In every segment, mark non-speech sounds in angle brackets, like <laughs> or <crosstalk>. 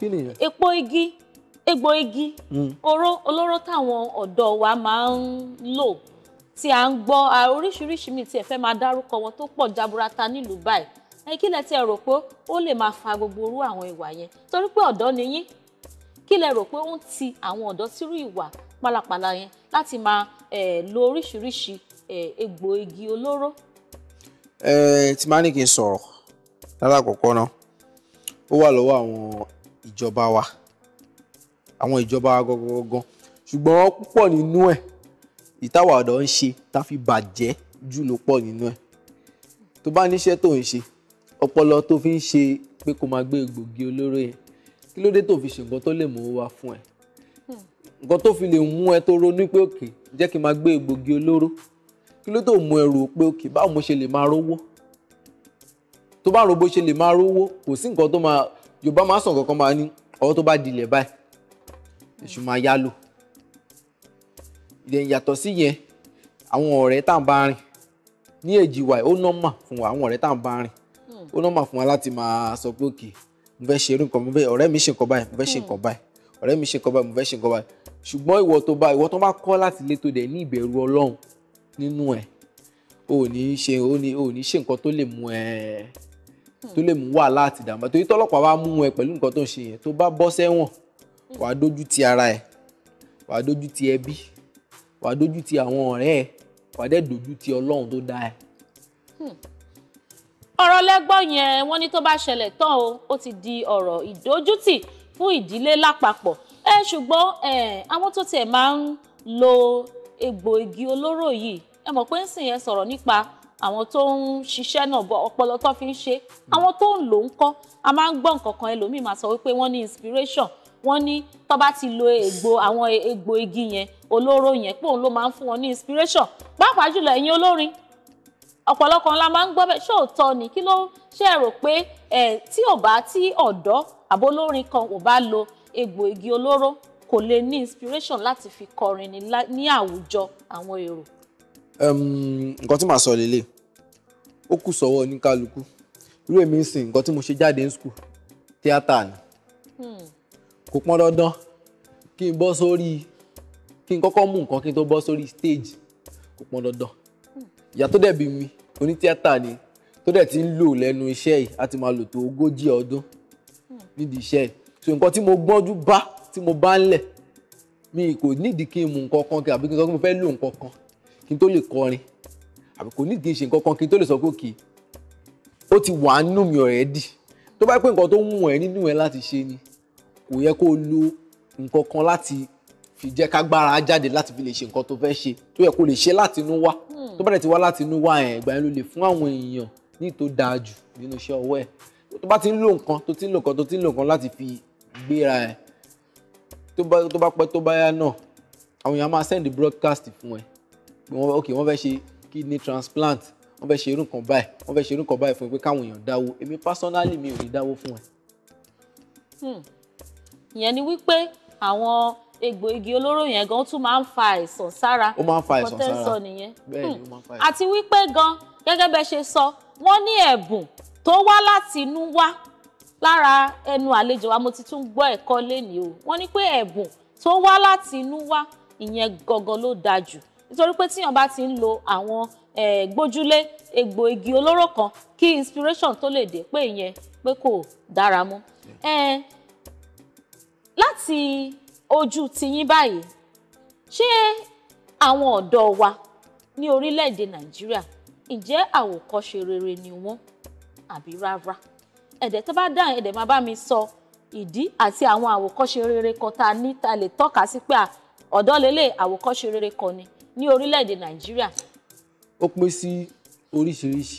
kí ni yẹn. epo igi egbò igi hmm. oró olóró táwọn ọ̀dọ́ wa máa ń lò tí à ń gbọ́ oríṣiríṣi mi tí ẹ fẹ́ máa dárúkọ wọn tó pọ̀ jaburata nílùú báyìí ẹ kí lẹ ti rò pé ó lè máa fa gbogbo orú àwọn ìwà yẹn torí pé ọ̀dọ́ ni yín kí lẹ rò pé ó ń ti àwọn ọ̀dọ́ sírú ìwà pálapàla yẹn láti máa lo oríṣiríṣi egbò igi olóró. ẹ tí máa ní kí n sọ̀rọ̀ lálàkọ̀kọ́ náà ó wà lọ́wọ́ àwọn ìjọba wa àwọn ìjọba wa gangan ṣùgbọ́n púpọ̀ nínú ẹ̀ ìtawà ọ̀dọ́ ń ṣe tá fi bàjẹ́ jù ló pọ̀ nínú ẹ̀ tó bá níṣẹ́ tó ń ṣe ọpọlọ tó fi ń ṣe pé kó máa gbé egbògi olóró yẹn kí ló dé tó fi ṣe nǹkan tó lè mú wa fún ẹ nǹkan tó fi lè mú ẹ tó ronú pé òkè jẹ́ kí n máa gbé egbògi olóró kí ló tó mú ẹ rò pé òkè báwo mo ṣe lè máa rówó tó bá rò bó ṣe lè máa rówó kò sí nǹkan tó máa yorùbá máa sàn kankan máa ní ọwọ́ tó bá dilẹ̀ báyìí èṣù máa yá lò ìdẹ̀yìn yàtọ̀ sí yẹn àwọn ọ̀rẹ́ tá à ń bá rìn ní èjì wa ó nọ́mà fún wa àwọn ọ̀rẹ́ tá à ń bá rìn ó nọ́mà fún wa láti máa sọ pé òkè mo fẹ́ ṣe irú nǹkan mo fẹ́ ọ̀rẹ́ mi ṣe nǹkan báyìí mo fẹ́ ṣe nǹkan báyìí ọ̀rẹ́ mi ṣe nǹkan báyìí mo fẹ́ ṣe nǹkan báyìí ṣùgbọ́n ìwọ tó bá ìwọ tó bá kọ́ láti lé tó dẹ̀ ní ìbẹ̀rù ọlọ́run nínú ẹ̀ o ò ní ṣe o ò ní ṣe nǹkan tó lè mú ẹ tó lè mú wàhálà àti ìdààmú torí tọ́lọ́pàá bá mú ẹ pẹ̀lú nǹkan tó ń ṣe yẹn tó bá bọ́ sẹ́wọ̀n wàá dójú ti ara ẹ wàá dójú ti ẹbí wàá dójú ti àwọn ọ̀rẹ́ ẹ wàá dẹ̀ dójú ti Ọlọ́run tó dá ẹ. Hmm. ọ̀rọ̀ lẹ́gbọ́n yẹn wọ́n ní tó bá ṣẹlẹ̀ tán o ó ti di ọ̀rọ̀ ìdójútì fún ìdílé lápapọ̀ ẹ ṣùgbọ́n àwọn tó tiẹ̀ máa ń lo egbò igi olóró yìí ẹ mọ̀ pé ń sìn yẹn sọ̀rọ̀ nípa àwọn tó ń ṣiṣẹ́ náà bọ ọpọlọ tó fi ń ṣe àwọn tó ń lò ń kọ́ a máa ń gbọ́ nǹkan ẹlòmíì máa sọ wípé wọ́n ní inspiration wọ́n ní tó bá ti lo egbò àwọn egbò igi yẹn olóró yẹn pé òun ló máa ń fún wọn ní inspiration pàápàá jùlọ ẹ̀yin olórin ọ̀pọ̀lọpọ̀ la máa ń gbọ́ bẹ́ẹ̀ ṣóòótọ́ ni kí ló ṣe é rò pé ẹ̀ tí ò bá tí ọ̀dọ́ àbólórin kan ò bá lo egbò igi olóró kò lè ní inspiration láti fi kọrin ní àwùjọ àwọn èrò. nǹkan tí màá sọ lélẹ̀ ó kù sọ́wọ́ oníkálukú irú èmi ń sìn nǹkan tí mo ṣe jáde ní skul tíátà ni hmm. kò pọn dandan kí n bọ́ sórí kí n kọ́kọ́ mú nǹkan kí n tó bọ́ sórí stage kò pọn dandan hmm. ìyá tó dẹ̀ bí mi oní tíátà ni tó dẹ̀ ti ń lò lẹ́nu iṣẹ́ yìí á ti máa lò tó ogójì ọdún hmm. nídìí iṣẹ́ yìí so nǹkan tí mo gbọ́njú bá tí mo bá ń lẹ̀ mi kò nídìí kí n mú nǹkan kan kí n sọ pé mo fẹ́ lò nǹkan kan kí n tó lè kọrin àbí kò ní kí n ṣe nǹkan kan kí n tó lè sọ pé òkè ó ti wà á nù mí already tó bá pé nǹkan tó ń wù ẹ́ nínú ẹ láti ṣe ni kò yẹ kó o lo nǹkan kan láti fi jẹ́ kágbára jáde láti fi lè ṣe nǹkan tó fẹ́ ṣe tó yẹ kó lè ṣe láti inú wá hmm. tó bá dẹ̀ ti wá láti inú wá ẹ̀ ìgbà yẹn ló lè fún àwọn èèyàn ní tó dáa jù nínú iṣẹ́ ọwọ́ ẹ̀ tó bá ti ń lo nǹkan tó ti ń lo nǹkan tó ti ń lo nǹkan láti fi gbéra ẹ̀ tó bá pẹ́ tó bá yá náà àwọn èèyàn máa send broadcast fún ẹ pé ok wọ́n fẹ́ ṣe kidney transplant wọ́n fẹ́ ṣe irú nǹkan báyìí wọ́n fẹ́ ṣe irú nǹkan báyìí fún ẹ pé káwọn èèyàn dáwó èmi personally mi ò lè dáwó fún ẹ. Hmm. ìyẹn ni wípé àwọn egbòogi olóró yẹn gan tún máa ń fa àìsàn sára ó máa ń fa àìsàn sára kọ́tẹ́sọ nìyẹn bẹ́ẹ̀ ni hmm. ó máa ń fa àìsàn. àti wípé gan gẹ́gẹ́ bẹ́ẹ̀ ṣe sọ wọ́n ní ẹ̀bùn tó wá láti inú wá lára ẹnu àlejò wa mo ti tún gbọ́ ẹ̀kọ́ lénìí o wọ́n ní pé ẹ̀bùn tó wá láti inú wá ìyẹn gangan ló dáa jù nítorí pé tíyàn bá ti ń lo àwọn eh, gbójúlé egbò igi olóró kan kí inspiration tó lè dé pé ìyẹn pé kò dára mọ́ eh, láti ojú tiyín báyìí ṣé àwọn ọ̀dọ́ wa ní orílẹ̀-èdè nàìjíríà ǹjẹ́ àwòkọ́ṣe rere ni wọ́n àbí rárá ẹ̀dẹ̀ tó bá dáhùn ẹ̀dẹ̀ máa bá mi sọ ìdí àti àwọn àwòkọ́ṣe rere kan tá a ní ta lè tọ́ka sí pé ọ̀dọ́ lélẹ̀ àwòkọ́ṣe rere kan ni ní orílẹ̀-èdè nàìjíríà. ó pín sí oríṣiríṣi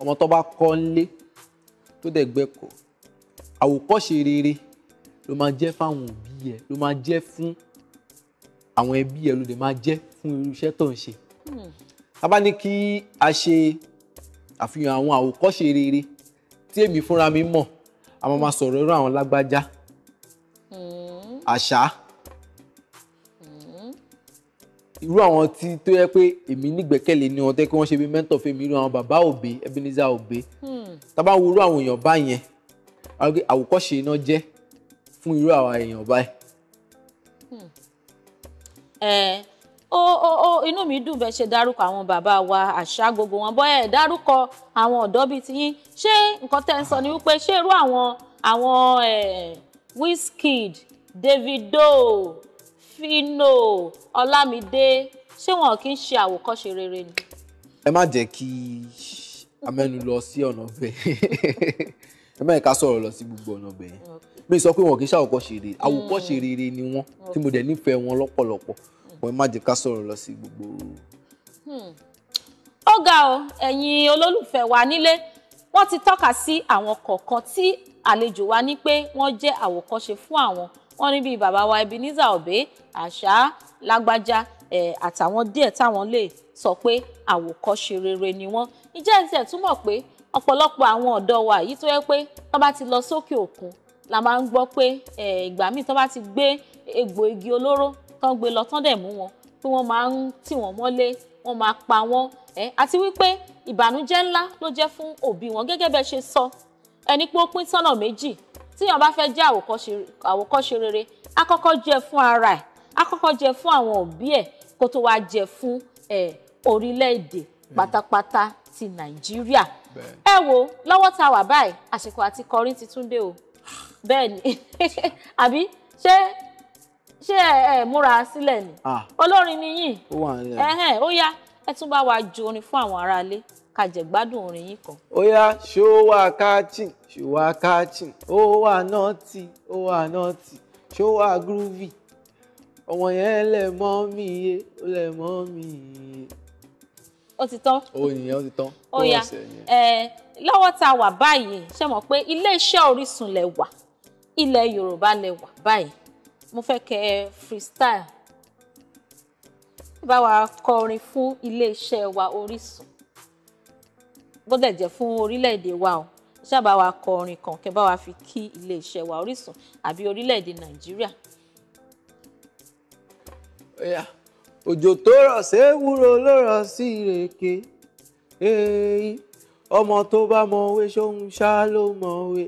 ọmọ tó bá kọ́ ńlé tó dẹ̀ gbẹ́kọ̀ọ́ àwòkọ́ṣe rere ló máa jẹ́ fáwọn òbí ẹ ló máa jẹ́ fún àwọn ẹbí ẹ ló dẹ̀ máa jẹ́ fún irú iṣẹ́ tó ń ṣe. Hmm. tá ní kí a ṣe àfihàn àwọn àwòkọ́ṣe rere tí èmi fúnra mi mọ̀ a máa ma sọ̀rọ̀ irú àwọn lágbájá àṣà. Mm irú àwọn tí tó yẹ pé èmi nígbẹ́kẹ̀lé ni wọn tẹ́ kí wọ́n ṣe bí mẹ́ńtọ̀ fún mi irú àwọn bàbá òbí Ebenezer òbí hmm. tábà wo irú àwọn èèyàn báyẹn àwòkọ́ṣe iná jẹ́ fún irú àwọn èèyàn báyìí. Hmm. ẹ ó ó ó inú mi dùn bẹ́ẹ̀ ṣe dárúkọ àwọn bàbá wa àṣà gbogbo wọn bọ́ẹ̀ dárúkọ àwọn ọ̀dọ́ bíi tiyín ṣé nǹkan tẹ́ ń sọ ni wípé ṣé irú àwọn àwọn Wizkid Davido Fino Ọlámidé ṣé wọn kì í ṣe àwòkọ́ṣe rere ni. ẹ má jẹ́ kí a mẹ́nu lọ sí ọ̀nà bẹ́ẹ̀ ẹ má yẹ ká sọ̀rọ̀ lọ sí gbogbo ọ̀nà bẹ́ẹ̀ mi sọ pé wọn kì í ṣe àwòkọ́ṣe rere mm. àwòkọ́ṣe rere ni wọ́n tí mo dẹ̀ nífẹ̀ẹ́ wọn lọ́pọ̀lọpọ̀ wọn mm. má jẹ́ ká sọ̀rọ̀ lọ sí gbogbo. Hmm. ó ga ọ ẹ̀yin olólùfẹ́ wa nílé wọ́n ti tọ́ka sí àwọn kọ̀ọ̀kan tí àlejò wa ní pé wọ́n jẹ́ àwòkọ́ṣe fún àwọn wọ́n ní bíi bàbá wa Ebenezer Obey àṣà lágbájá àtàwọn díẹ̀ táwọn lè sọ pé àwòkọ́ṣe rere ni wọ́n ìjẹ́ ìtẹ̀ túmọ̀ pé ọ̀pọ̀lọpọ̀ àwọn ọ̀dọ́ wa yìí tó yẹ pé tó bá ti lọ sókè òkun la máa ń gbọ́ pé ìgbà míì tó bá ti gbé egbò igi olóró tán gbé lọ tán dẹ̀ mú wọn pé wọ́n máa ń tì wọ́n mọ́lé wọ́n máa pa wọ́n àti wípé ìbànújẹ́ ńlá ló jẹ́ fún òbí wọn gẹ́gẹ́ bẹ́ẹ̀ ṣe sọ ẹni pé ó pín sọ́nà méjì tíyàn bá fẹ́ jẹ́ àwòkọ́ṣe rere á kọ́kọ́ jẹ́ fún ara ẹ̀ á kọ́kọ́ jẹ́ fún àwọn òbí ẹ̀ kó tó wáá jẹ́ fún ẹ̀ orílẹ̀-èdè pátápátá ti nàìjíríà ẹ wo lọ́wọ́ tá a wà báyìí àsìkò àti kọrin ti tún dé o bẹ́ẹ̀ ni <laughs> àbí ṣé ṣé ẹ múra sílẹ̀ ni olórin ni yín ó yá ẹ tún bá wa ju orin fún àwọn aráalé ká jẹ gbádùn orin yín kan. ó yá ṣó wà káàtìn ṣó wà káàtìn ó wà nọ́ọ̀tì ó wà nọ́ọ̀tì ṣó wà groovy ọmọ yẹn lẹ mọ́ mi yé ó lẹ mọ́ mi yé. ó ti tán. ó nìyẹn ó ti tán. ó yá ẹ eh, lọ́wọ́ tá a wà báyìí ṣe mọ̀ pé iléeṣẹ́ Orísun lẹ wà ilẹ̀ Yorùbá lẹ wà báyìí mo fẹ́ kẹ́ freestyle bá wa kọrin fún iléeṣẹ́ wa Orísun bó dẹ̀ jẹ́ fún orílẹ̀-èdè wa o ṣáàbà wa kọ orin kan kẹ́ bá wa fi kí iléeṣẹ́ wa Orísun àbí orílẹ̀-èdè Nàìjíríà. òjò tó rọ̀ ṣe é wúro ló rọ̀ sí ìrèké ọmọ tó bá mọ̀wé ṣóun ṣá ló mọ̀wé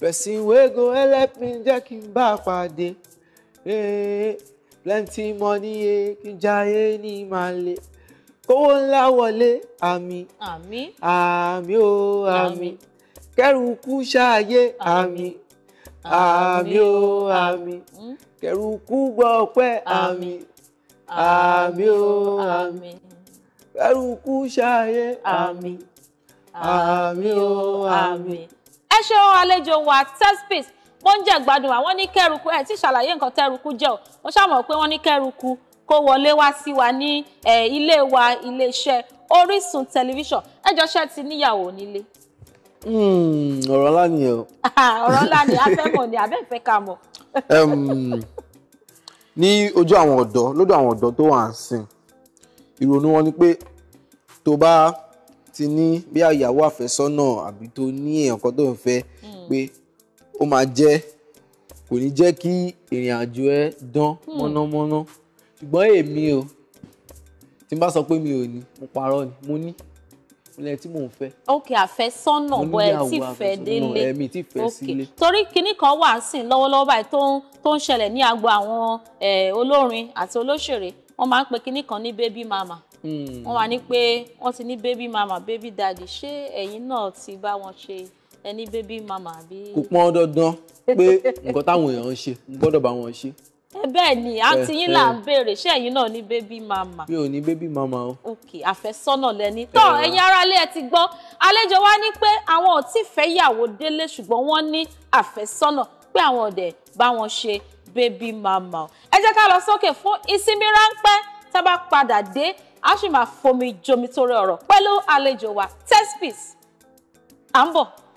person wey go help me jẹ́ kí n bá pàdé plenty money kí n jayé ní màlẹ́ kówó ńlá wọlé àmì àmì àmì o àmì kẹrù kú ṣáàyè àmì àmì o àmì hmm? kẹrù kú gbọ́ ọpẹ́ àmì àmì o àmì kẹrù kú ṣáàyè àmì àmì o àmì. ẹ ṣe ohun àlejò wa Tezpeace mo ń jẹ gbádùn àwọn ní kẹrùkù ẹ ti ṣàlàyé nǹkan tẹrùkù jẹ o mo ṣàmọ pé wọn ní kẹrùkù kó wọlé wá sí wa ní ilé wa iléeṣẹ́ Orísun tẹlifíṣàn ẹ ṣe ti níyàwó nílé hmm, ọ̀rọ̀ ńlá ni o. <laughs> ọ̀rọ̀ ńlá ni afẹ́mọ̀ ni abẹ́ ìfẹ́ ká mọ̀. ní ojú àwọn ọ̀dọ́ lọ́dọ̀ àwọn ọ̀dọ́ tó wà ń sìn ìrònú wọn ni pé tó bá ti ní bí àyàwó àfẹ́sọ́nà àbí tó ní èèyàn kan tó ń fẹ́ hmm. pé ó máa jẹ́ kò ní jẹ́ kí ìrìn àjò ẹ dán hmm. mọ́nàmọ́ná. Mm ṣùgbọ́n èmi o tí n bá sọ pé mi ò ní mo parọ́ ni mo ní ilẹ̀ tí mò ń fẹ́. ok àfẹ́sọ́nà bọ ẹ ti fẹ́ délé ok torí kinní kan wà sí lọ́wọ́lọ́wọ́ báyìí tó ń ṣẹlẹ̀ ní agbo àwọn olórin àti olóṣèré wọ́n máa ń pe kinní kan ní baby mama hmm. wọ́n wà ní pé wọ́n ti ní baby mama baby daddy ṣé ẹ̀yin náà ti bá wọn ṣe ẹni baby mama àbí. kò pọn dandan pé nǹkan táwọn èèyàn ń ṣe n gbọ́dọ̀ bá wọn ṣe bẹ́ẹ̀ ni àǹtí yín là ń béèrè ṣé ẹ̀yin náà ní bébí mama. mi ò ní bébí mama o. ok àfẹ́sọ́nà lẹni tọ́ ẹ̀yin aráalé ẹ ti gbọ́ àlejò wa ní pé àwọn ò tí fẹ́ yàwó délé ṣùgbọ́n wọ́n ní àfẹ́sọ́nà pé àwọn ọ̀dẹ̀ bá wọn ṣe bébí mama o. ẹ jẹ́ ká lọ sókè fún ìsinmi ráńpẹ́ tá a bá padà dé a sì máa fomi jomitoro ọ̀rọ̀ pẹ̀lú àlejò wa Tezpeace à ń bọ̀.